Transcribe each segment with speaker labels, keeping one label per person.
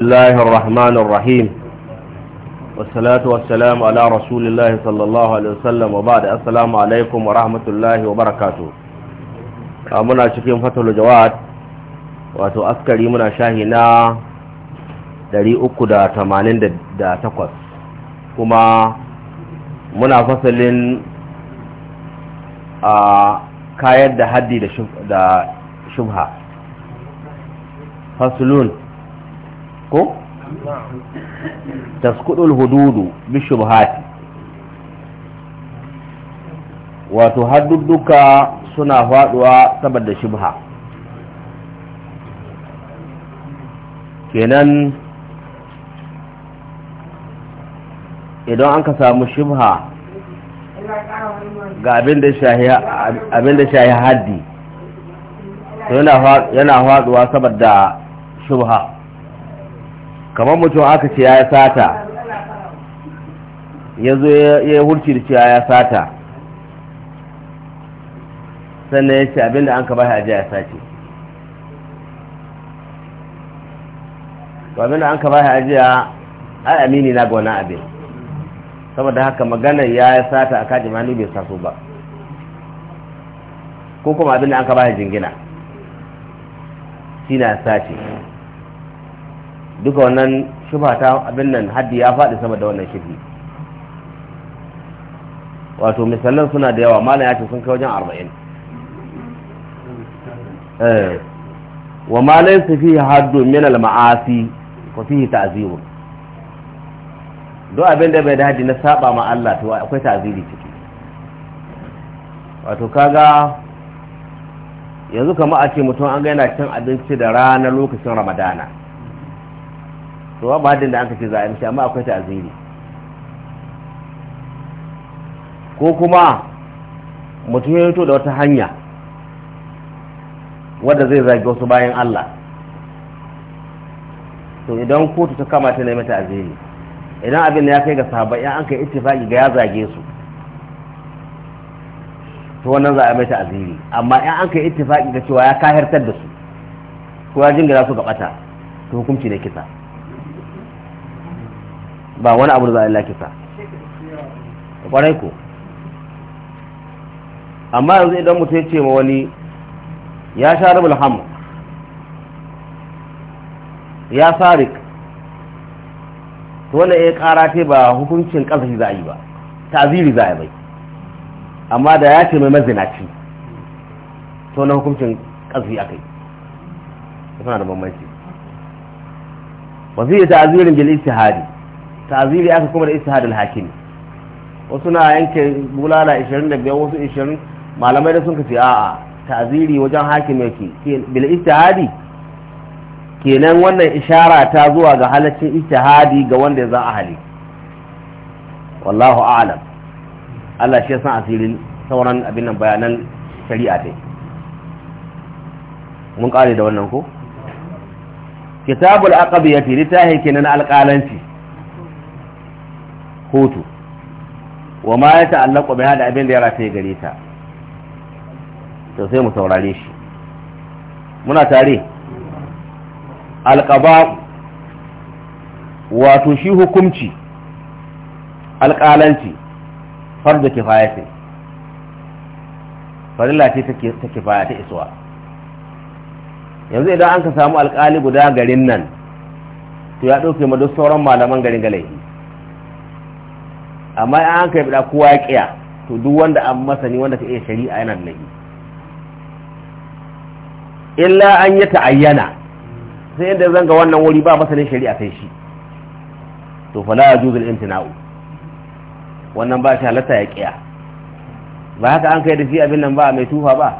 Speaker 1: الله الرحمن الرحيم والصلاة والسلام على رسول الله صلى الله عليه وسلم وبعد السلام عليكم ورحمة الله وبركاته muna cikin fatul jawad wato askari muna shahi na 388 kuma muna fasalin a kayar da haddi da shubha fasulun ko taskudul hududu bishubhati wato haddudduka suna faduwa saboda shubha kenan idan an ka samu shubha ga abin da shahi haddi yana faduwa saboda shubha kamar mutum aka ce ya sata ya zo ya yi hulci da cewa ya sata sannan ya ce abinda an ka ba shi ya sace to abinda an ka ba shi ajiya ai amini na ga wani abin saboda haka maganar ya yi sata a kaji mani bai saso ba ko kuma abinda an ka ba jingina shi na sace duka wannan shuba ta abin nan haddi ya faɗi sama da wannan shirki wato misalan suna da yawa malam ya ce sun kai wajen arba'in eh, wa malai su fi haddun min ma'asi fa fi ta'zirun duk abin da bai da haddi na saba ma Allah to akwai ta'ziri ciki wato kaga yanzu kamar a ce mutum an ga yana cin abinci da ranar lokacin Ramadana to ba hadin da an kace za a yi amma akwai ta'aziri ko kuma mutum ya fito da wata hanya wadda zai zagi wasu bayan Allah to idan kotu ta kama ta nemi ta'aziri idan abin ya kai ga sahabbai an kai ittifaki ga ya zage su to wannan za a mai ta'aziri amma in an kai ittifaki ga cewa ya kahirtar da su ko ya jingira su ga to hukunci ne kisa ba wani abu da za a laki sa kwarai ku amma yanzu idan mutum ya ce ma wani ya sha rubul ham ya sarik to ya kara eh ce ba hukuncin kasashi za a yi ba ta'ziri za a yi bai amma da ya ce mai mazinaci to na hukuncin kasashi aka yi suna da bambanci wasu yi azirin bil istihadi ta'ziri aka kuma da al hakim wasu na yanke bulala 25 wasu 20 malamai da sun kace a'a ta'ziri wajen hakim yake bil istihadi kenan wannan ishara ta zuwa ga halaccin istihadi ga wanda za a hali wallahu a'lam Allah shi ya san asirin sauran abin nan bayanan shari'a dai mun kare da wannan ko kitabul aqabiyati litahi kenan alqalanci hutu wa ma ya ta'allaqa bi hada abin da ya rafe gare ta to sai mu saurare shi muna tare alqaba wato shi hukumci alƙalanci fardu kifaya ce farilla ce ta baya ta iswa yanzu idan an ka samu alƙali guda garin nan to ya ɗauke ma duk sauran malaman garin galai amma in an kai bida kowa ya kiya to duk wanda an masani wanda ta iya shari'a yana da laifi illa an yi ta'ayyana sai inda zanga wannan wuri ba masanin shari'a sai shi to la yajuzu al imtina'u wannan ba shi halatta ya kiya ba haka an kai da shi abin nan ba mai tufa ba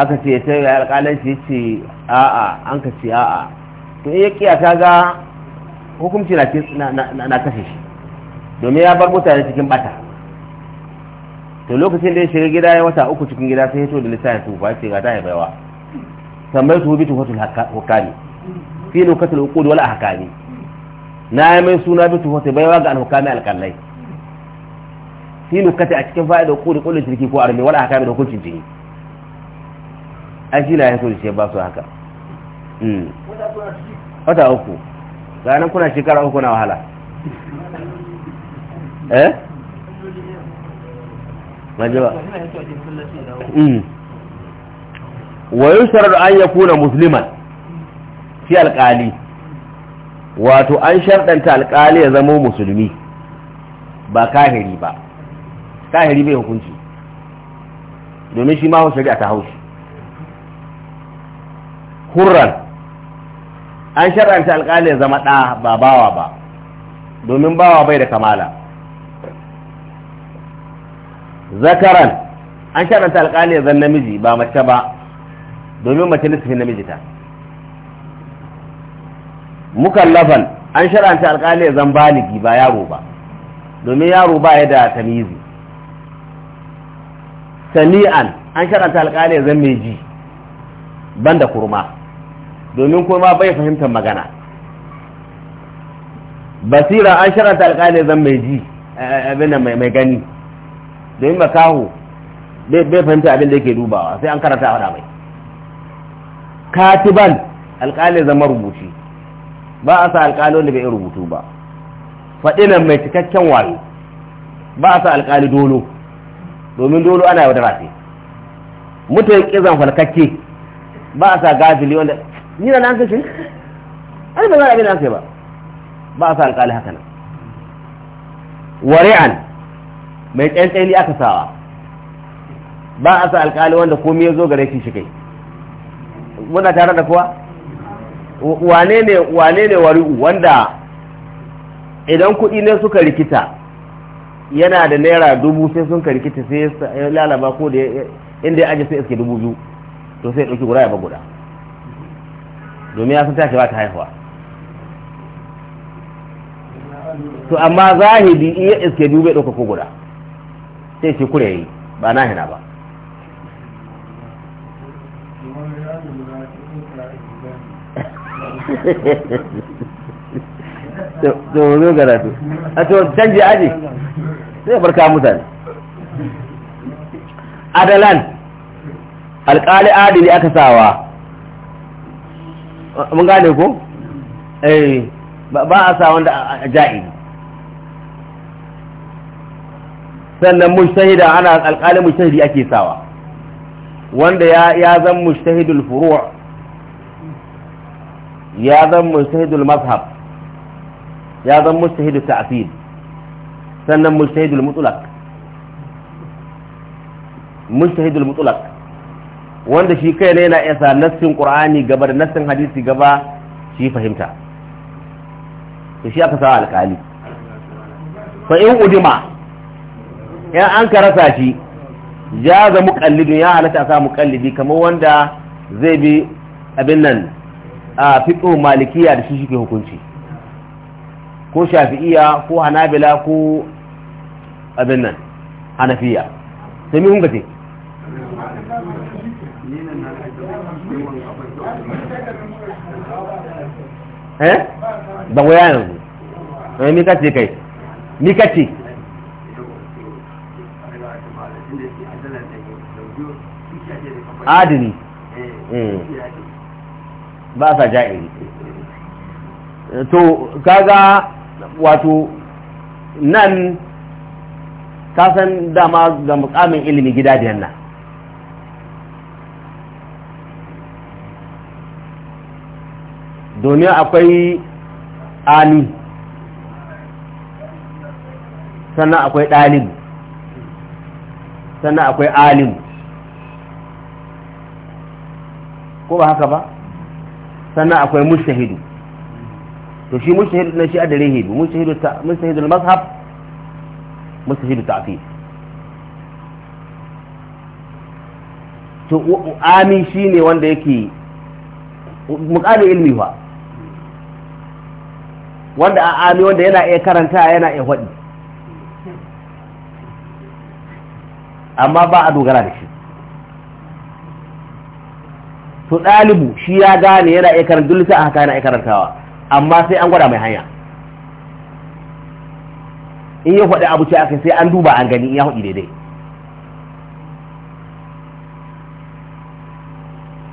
Speaker 1: aka ce sai ya alƙalan shi ce a'a an ka ce a'a to in ya kiya ta ga hukunci na kashe shi domin ya bar mutane cikin bata to lokacin da ya shiga gida ya wata uku cikin gida sai ya to da lissafin tufa ya ce ga ta haifaiwa sammai su bi tufatul hukami fi lokatul uqud wala hukami na yi mai suna bi tufatul baiwa ga alhukami alƙallai fi lokati a cikin fa'ida hukudu kullum shirki ko armi wala hukami da hukuncin jini an shi na ya so da shi ba su haka hmm. wata uku ganin kuna shekara uku na wahala eh majiba hmm. wa an ya kuna musliman fi alƙali wato an shardanta alƙali ya zama musulmi ba kahiri ba kahiri bai hukunci domin shi ma shari'a ta haushi hurran an shardanta alƙali ya zama ɗa ba bawa ba domin bawa bai da kamala zakaran an sharanta alƙali zan namiji ba mace ba domin mace nisfin namiji ta mukallafan an sharanta alƙali zan baligi ba yaro ba domin yaro ba ya da tamizi sami'an an sharanta alƙali zan mai ji da kurma domin kurma bai fahimtar magana basira an sharanta alƙali zan mai ji eh, eh, abin mai gani domin makaho bai fahimta abin da yake dubawa sai an karanta a mai katiban alƙalin zama rubuci ba a sa alƙalin da bai rubutu ba faɗinan mai cikakken wayo ba a sa alƙali dolo domin dolo ana yau da rafi mutum ƙizan falkakke ba a sa gafili wanda nina na kashe ai ba za a abin da ba ba a sa alƙali haka nan wari'an mai tsayin aka sawa ba a sa alƙali wanda komai ya zo gare shi shi kai muna tare da kuwa wane ne wane ne wari'u wanda idan kuɗi ne suka rikita yana da naira dubu sai sun ka rikita sai ya lalaba ko da inda ya aji sai iske dubu biyu to sai ya ɗauki guda ya ba guda domin ya san tashi ba ta haihuwa to amma zahidi iya iske biyu bai ɗauka ko guda sai shi kure yi ba na hina ba to zo garatu a to canji aji sai barka mutane adalan alkali adili aka sawa mun gane ko eh ba a sa wanda a ja'ili sannan mujtahida ana alƙalin mujtahidi ake sawa wanda ya ya zan mujtahidul furu' ya zan mujtahidul mazhab ya zan mujtahidul ta'sil sannan mujtahidul mutlaq mujtahidul mutlaq wanda shi kai ne yana isa nassin qur'ani gaba da nassin hadisi gaba shi fahimta to shi aka sawa alƙali fa in udima in an ka rasa shi ja ga muƙallidun ya halatta a sa muƙallidi kamar wanda zai bi abin nan a fito malikiya da shi shi hukunci ko shafi'iya ko hanabila ko abin nan hanafiya sai mun gace eh ba waya yanzu eh ni kace kai ni kace adini eh. hmm. ba sa ja'iri to kaga wato nan kasan dama ga mukamin ilimi gida biyan nan domin akwai ani sannan akwai ɗalibu sannan akwai alibu. ko ba haka ba sannan akwai mustahidu to shi mustahidu na shi a dare hidu mustahidu mazhab mustahidu ta'fif to ami shine wanda yake muqabil ilmi fa wanda a ami wanda yana iya karanta yana iya faɗi amma ba a dogara da shi to ɗalibu shi ya gane yana iya karanta dole sai haka yana iya karantawa amma sai an gwada mai hanya in ya faɗi abu ce aka sai an duba an gani in ya faɗi daidai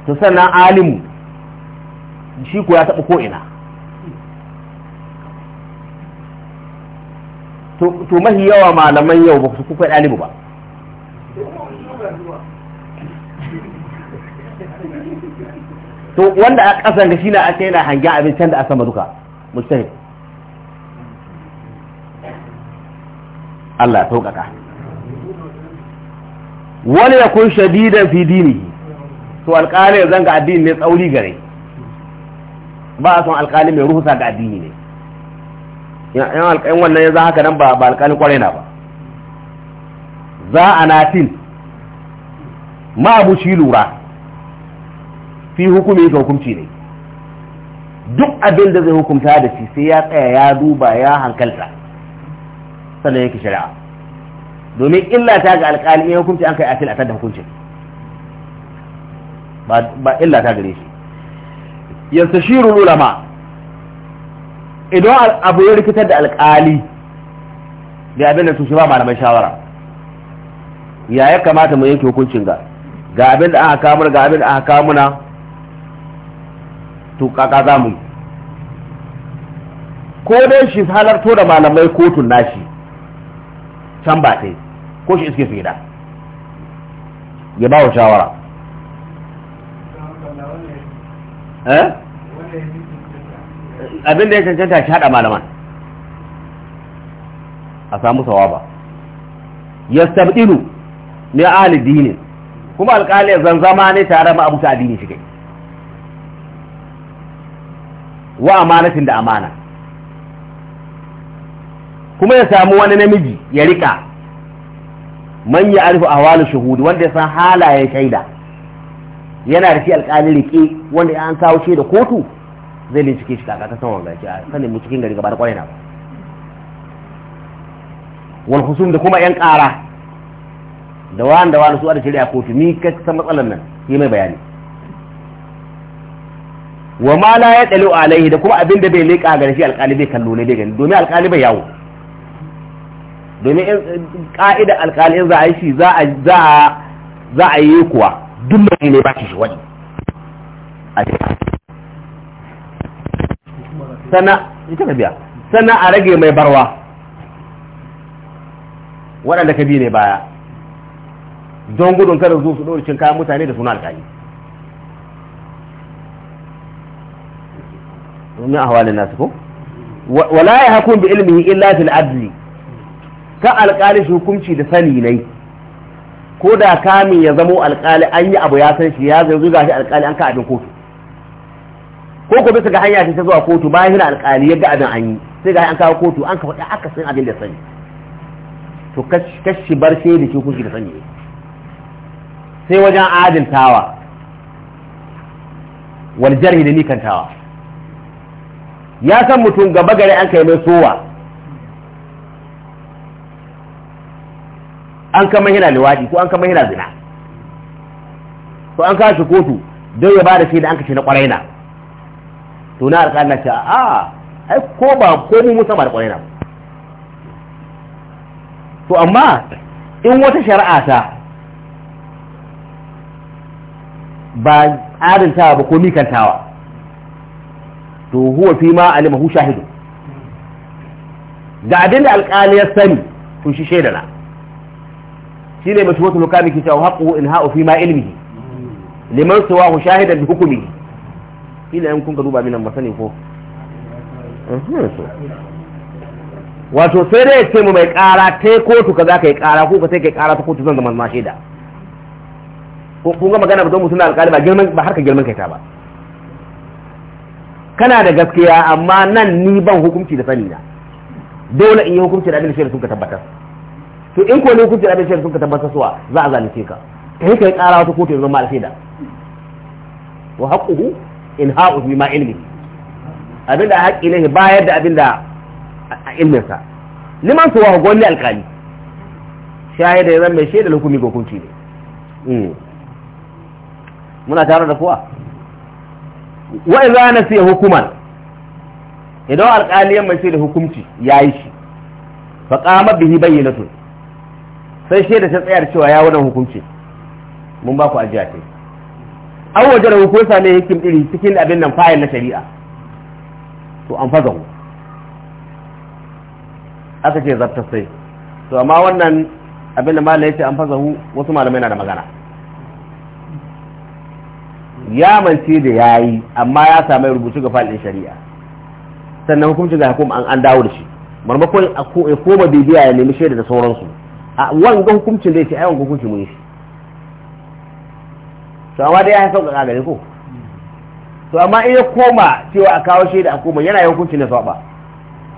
Speaker 1: to sannan alimu shi ko ya taɓa ko ina. to mahi yawa malaman yau ba su kuka ɗalibu ba to wanda a kasan gashi shi na ake yana hangen abin can da a sama duka mujtahid Allah ya sauƙaƙa wani ya kun shadidan fi dini to alƙalin zanga addini ne tsauri gare ba a son alƙali mai ruhusa ga addini ne yan wannan ya za haka nan ba alƙalin kwarai na ba za a natin ma abu shi lura fi hukumi ga hukunci ne duk abin da zai hukunta da shi sai ya tsaya ya duba ya hankalta sannan yake shari'a domin illa ta ga alƙali ya hukunci an kai asil a da hukuncin ba illa ta gare shi yastashiru ulama idan abu ya rikitar da alƙali da abin da su shi ba malamai shawara ya ya kamata mu yanke hukuncin ga ga abin da aka kamuna ga abin da aka kamuna to kaka za mu ko dai shi halarto da malamai kotun nashi can ba ta ko shi iske fida ya ba wa shawara eh? abinda ya cancanta shi haɗa malaman a samu sawaba ya sabdilu ne alidini kuma alƙali zan zama ne tare ma abuta adini shi kai wa amanatin da amana kuma ya samu wani namiji ya rika man ya arifu ahwalu shahudi wanda ya san halayen shaida yana da shi alƙalin rike wanda ya an kawo da kotu zai bincike shi kaka san wanga ce a sanin mu cikin gari gaba da kwarai ba wal husum da kuma yan kara da wanda da wani su a da shari'a kotu ni ka san matsalar nan yi mai bayani wa ma la ya dalu alaihi da kuma abin da bai leka ga shi alƙali bai kallo ne bai gani domin alƙali bai yawo domin ka'ida ƙa'ida alƙali za a yi shi za a za a za a yi kuwa duk mai ne ba shi wani a ce sana ita ka biya sana a rage mai barwa waɗanda ka bi ne baya don gudun kada su su ɗoricin kayan mutane da suna alƙali min ahwalin nasu ko wala ya hakun bi ilmihi illa fil adli ka alƙali hukunci da sani ne ko da kami ya zamo alƙali an yi abu ya san shi ya zai zuga shi alƙali an ka abin kotu ko ko bisa ga hanya ta zuwa kotu bayan yana alƙali ya ga abin an yi sai ga an kawo kotu an ka faɗi aka san abin da sani to kashi bar sai da shi hukunci da sani sai wajen adaltawa wal jarhi da nikantawa ya san mutum gaba gare an kai mai sowa an kama yana liwaɗi ko an kama yana zina to an kashi kotu don ya ba da shi da an kashi na kwarai na to na alƙalin ce a ai ko ba ko mu musamman da kwarai na to amma in wata shari'a ta ba adintawa ba ko mikantawa to huwa fi ma alimahu shahidu ga abin da alƙali ya sani to shi shaida na shi ne mutum wata mukami ke cewa haƙu in ha'u fi ma ilmihi liman suwa hu shahidan bi hukumi shi ne kun ka duba minan ba sani ko eh, wato sai dai ce mu mai ƙara ta kotu ka za ka yi ƙara ko ka sai ka yi ƙara ta kotu zan zama ma shaida ko kun ga magana ba don mutum na alƙali ba girman ba harka girman kai ta ba kana da gaskiya amma nan ni ban hukunci da sani na dole in yi hukunci da abin da sun ka tabbatar to in ko ne hukunci da abin da sun ka tabbatar suwa za a zalunce ka kai kai ƙara wata kotu yanzu ma alfida wa haqquhu in ha'u bima ilmi abinda haƙƙi ne bayar da abinda a ilmin sa liman suwa gwani alƙali shahida ya zama mai shaidar hukumi ga hukunci ne hmm. muna tare da kowa wa idza nasiya hukuman idan alƙaliyan mai sai da hukunci yayi shi fa qama bihi bayyinatu sai shi da ta tsayar cewa ya wannan hukunci mun ba ku ajiya kai an waje da hukunsa ne hikim iri cikin abin nan fayil na shari'a to an faza mu aka ce zartar sai to amma wannan abin da malai ce an faza wasu malamai na da magana ya mance da ya yi amma ya sami rubutu ga falin shari'a sannan hukuncin ga hukuma an dawo da shi marmakon ya koma bibiya ya nemi shaida da sauransu a wanga hukuncin zai ce a wanga hukunci mun yi shi to amma dai ya haifar ga gare ko to amma in ya koma cewa a kawo shaida a koma yana yi hukuncin na saba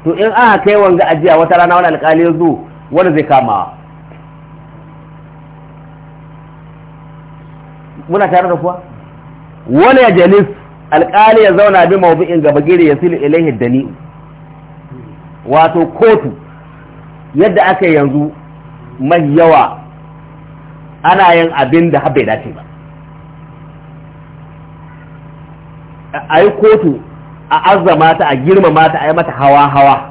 Speaker 1: to in aka kai wanga ajiya wata rana wani alƙali ya zo wani zai kamawa muna tare da kuwa Wani ya jalis alƙali ya zauna bi mawdu'in gaba gire ya silu ilaihi dani wato kotu yadda aka yanzu mai yawa ana yin abin da bai dace ba a yi kotu a azama ta a girmama ta a yi mata hawa-hawa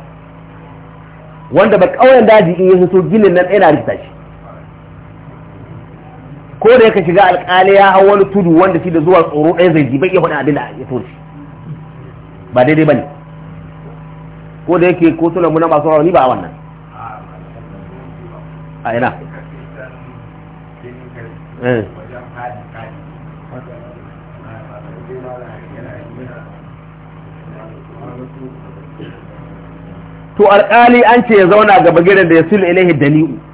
Speaker 1: wanda ba ƙauyen daji in yi hito ginin nan ɗaya na rikita shi ko da yake shiga alƙali ya hau wani tudu wanda shi da zuwa tsoro ɗaya zai ji bai iya faɗin abin da ya tori ba daidai ba ne ko da yake ko suna muna masu rauni ba a wannan a ina eh. to alƙali an ce ya zauna ga gidan da ya sulu ilaihi dali'u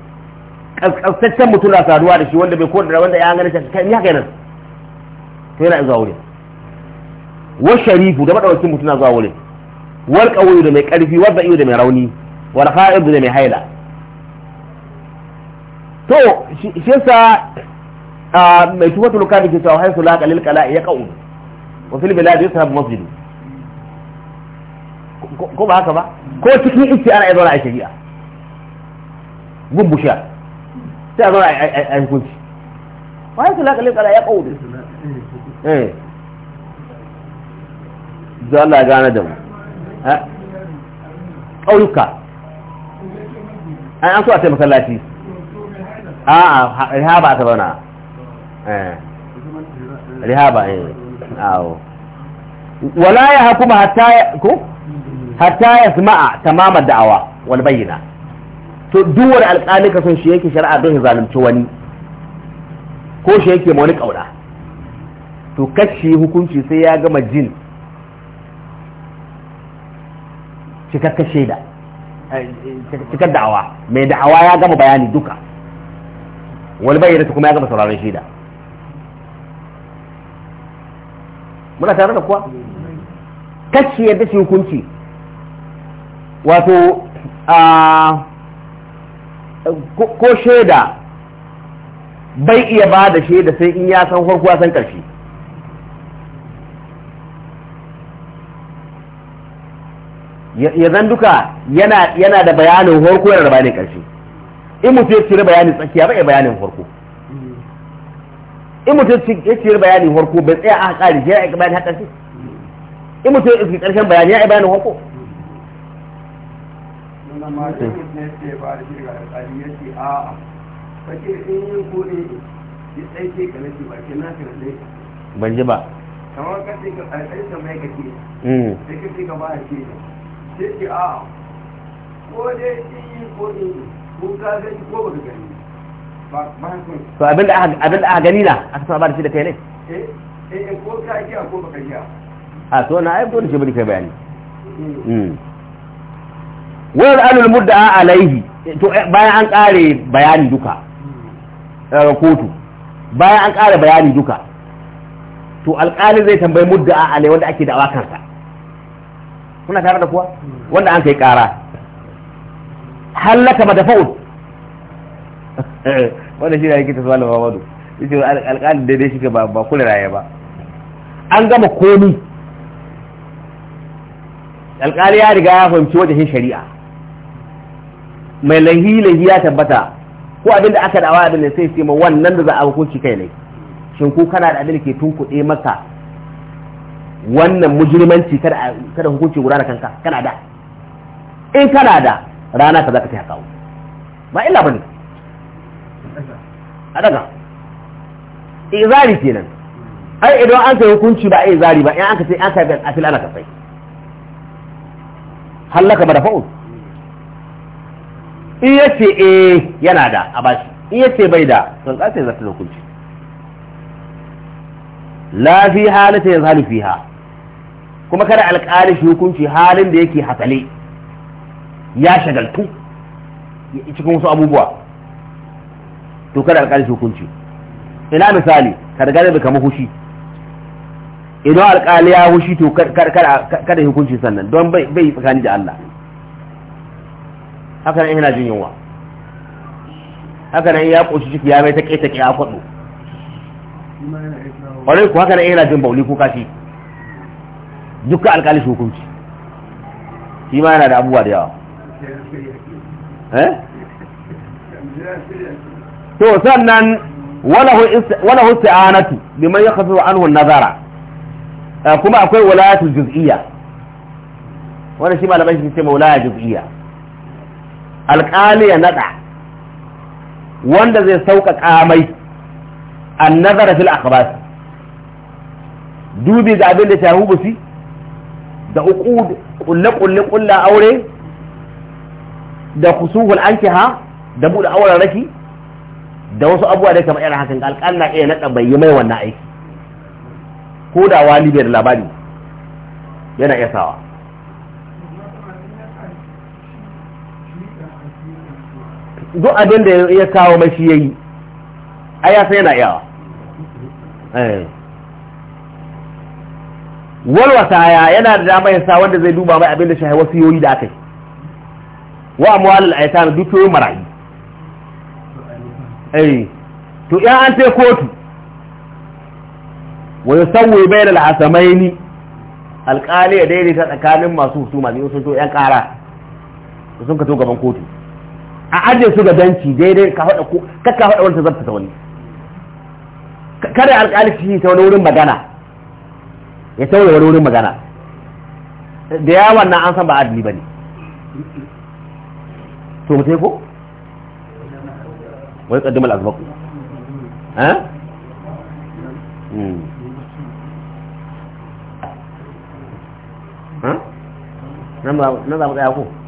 Speaker 1: kaskasaccen mutum na saduwa da shi wanda bai kodara wanda ya gane shi kai haka nan to yana zuwa wurin wa sharifu da madawakin mutum na zuwa wurin wal qawi da mai karfi wa da'i da mai rauni wal kha'ib da mai haila to shi yasa mai tufatul kabi ke cewa haisu laqa lil qala'i ya qawm wa fil bilad yusrab masjid ko ba haka ba ko cikin ikki ana iya zauna a shari'a gubbusha sai a zo a hukunci wa yasu laƙalin ƙala ya ƙauri eh da Allah gane da mu ƙauyuka an an so a taimaka lati a a rihaba ta bana eh. rihaba eh awo wala ya hakuma hatta ko hatta yasma'a tamama da'awa wal bayyina to wani alƙali ka son shi yake shari'a don zalunci wani ko shi yake ma wani ƙaura to kashi hukunci sai ya gama jin cikakken da cikar da'awa mai da'awa ya gama bayani duka wani bayyana kuma ya gama sauraron shaida muna tare da kuwa kashi yadda shi hukunci wato a ko shaida bai iya ba da shaida sai in ya san farko san ƙarshe ya zan duka yana da bayanin farko yana da bayanin ƙarshe in mutum ya cire bayanin tsakiya bai bayanin farko in mutum ya cire bayanin farko bai tsaya a ƙari ya yi bayanin haƙarfi in mutum ya iske ƙarshen bayani ya yi bayanin farko masu ne ce ba da shi daga alƙali ya ce a'a kake in yi ko ne ya tsaye ka na ce ba ke na ka na ban ji ba kamar ka ce ka alƙali ta mai ka ce hmm. sai ka ce ka ba ce sai ce a'a ko dai in yi ko ko ka gani ko ba ka gani ba to abin da aka gani na aka sama ba da shi da kai ne eh, eh ko ka giya ko ba ka giya a to na ai ko da shi bane kai bayani eh. hmm. wani alul mudda alaihi to eh, bayan an kare bayani duka daga kotu bayan an kare bayani duka to alƙali zai tambayi mudda alaihi wanda ake da'awa kansa kuna tare da kuwa wanda an kai kara hallaka madafa'ud wanda shi ne yake tafiya da mamadu yace alƙalin daidai shi ba ba kula raye ba an gama komi alƙali ya riga ya fahimci wajen shari'a mai lahi lahi ya tabbata ko abin da aka dawa abin da sai sai ma wannan da za a hukunci kai ne shin ko kana da abin da ke tunkuɗe maka wannan mujrimanci kada hukunci guda da kanka kana da in kana da rana ka za ka kai kawo ba illa bane a daga izari kenan ai idan an kai hukunci ba a zari ba in an ka sai an kai a fil ana ka sai hallaka madafa'un in ya ce eh yana da a bashi in ya ce bai da sun kasa za da hukunci la fi halata ya zalu fiha kuma kada alƙali shi hukunci halin da yake hasale ya shagaltu cikin wasu abubuwa to kada alƙali shi hukunci ina misali kada gane da kama hushi idan alƙali ya hushi to kada hukunci sannan don bai tsakani da Allah haka nan yana jin yunwa haka nan ya koshi ciki ya mai ta ƙeta ƙi a faɗo ƙwarai ku haka nan yana jin bauli ko kashi dukkan alƙali shi hukunci shi ma yana da abubuwa da yawa eh? to sannan walahu isti'anatu liman ya anhu an-nazara eh, kuma akwai walayatul juz'iyya wanda shi malamai shi ce ma wilaya juz'iyya alƙali ya naɗa wanda zai sauƙaƙa mai an nazara fil akhbas dubi ga abin da hubu busi da uqud kulle kulle kulle aure da kusuhul ankiha da buɗe auren raki da wasu abuwa da kamar irin hakan alƙal na iya naɗa bai yi mai wannan aiki ko da wali bai da labari yana iya sawa duk abin da ya kawo mashi shi yi a ya sai yana iyawa eh. wal ya yana da dama ya sa wanda zai duba mai abin da shahi wasu yoyi da aka yi. wa amwal al duk dukiyoyin marayi ai eh. to ya an sai kotu wa bai da la'asamai ni alƙali, ya daidaita tsakanin masu husuma ne sun to yan ƙara, sun ka to gaban kotu a ajiye su ga danci daidai ka faɗa ko ka faɗa wani tazarta ta wani kada alƙali shi ta wani wurin magana ya taure wani wurin magana da yawa na an san ba adali ba ne to mutai ko wani kaddamar azbaku eh hmm. nan ba mu tsaya ko